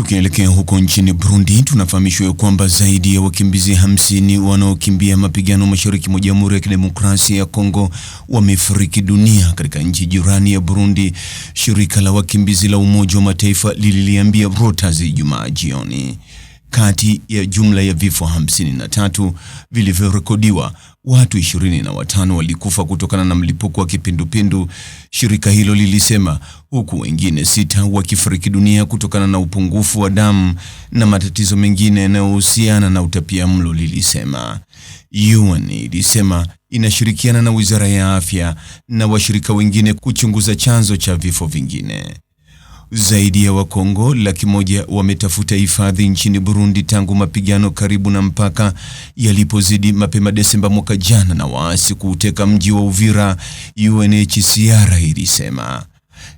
Tukielekea huko nchini Burundi, tunafahamishwa kwamba zaidi ya wakimbizi hamsini wanaokimbia mapigano mashariki mwa Jamhuri ya Kidemokrasia ya Kongo wamefariki dunia katika nchi jirani ya Burundi, shirika la wakimbizi la Umoja wa Mataifa lililiambia Reuters Ijumaa jioni. Kati ya jumla ya vifo 53 vilivyorekodiwa, watu 25 walikufa kutokana na mlipuko wa kipindupindu, shirika hilo lilisema, huku wengine sita wakifariki dunia kutokana na upungufu wa damu na matatizo mengine yanayohusiana na utapia mlo lilisema. UN ilisema inashirikiana na Wizara ya Afya na washirika wengine kuchunguza chanzo cha vifo vingine. Zaidi ya Wakongo laki moja wametafuta hifadhi nchini Burundi tangu mapigano karibu na mpaka yalipozidi mapema Desemba mwaka jana na waasi kuuteka mji wa Uvira, UNHCR ilisema.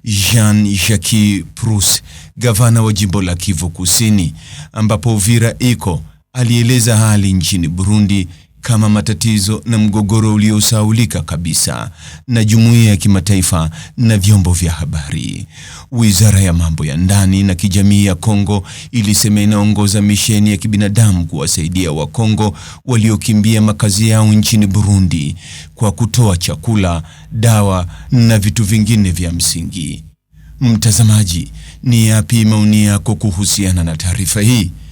Jean-Jacques Prus, gavana wa jimbo la Kivu Kusini ambapo Uvira iko, alieleza hali nchini Burundi kama matatizo na mgogoro uliosahaulika kabisa na jumuiya ya kimataifa na vyombo vya habari. Wizara ya Mambo ya Ndani na Kijamii ya Kongo ilisema inaongoza misheni ya kibinadamu kuwasaidia Wakongo waliokimbia makazi yao nchini Burundi kwa kutoa chakula, dawa na vitu vingine vya msingi. Mtazamaji, ni yapi maoni yako kuhusiana na taarifa hii?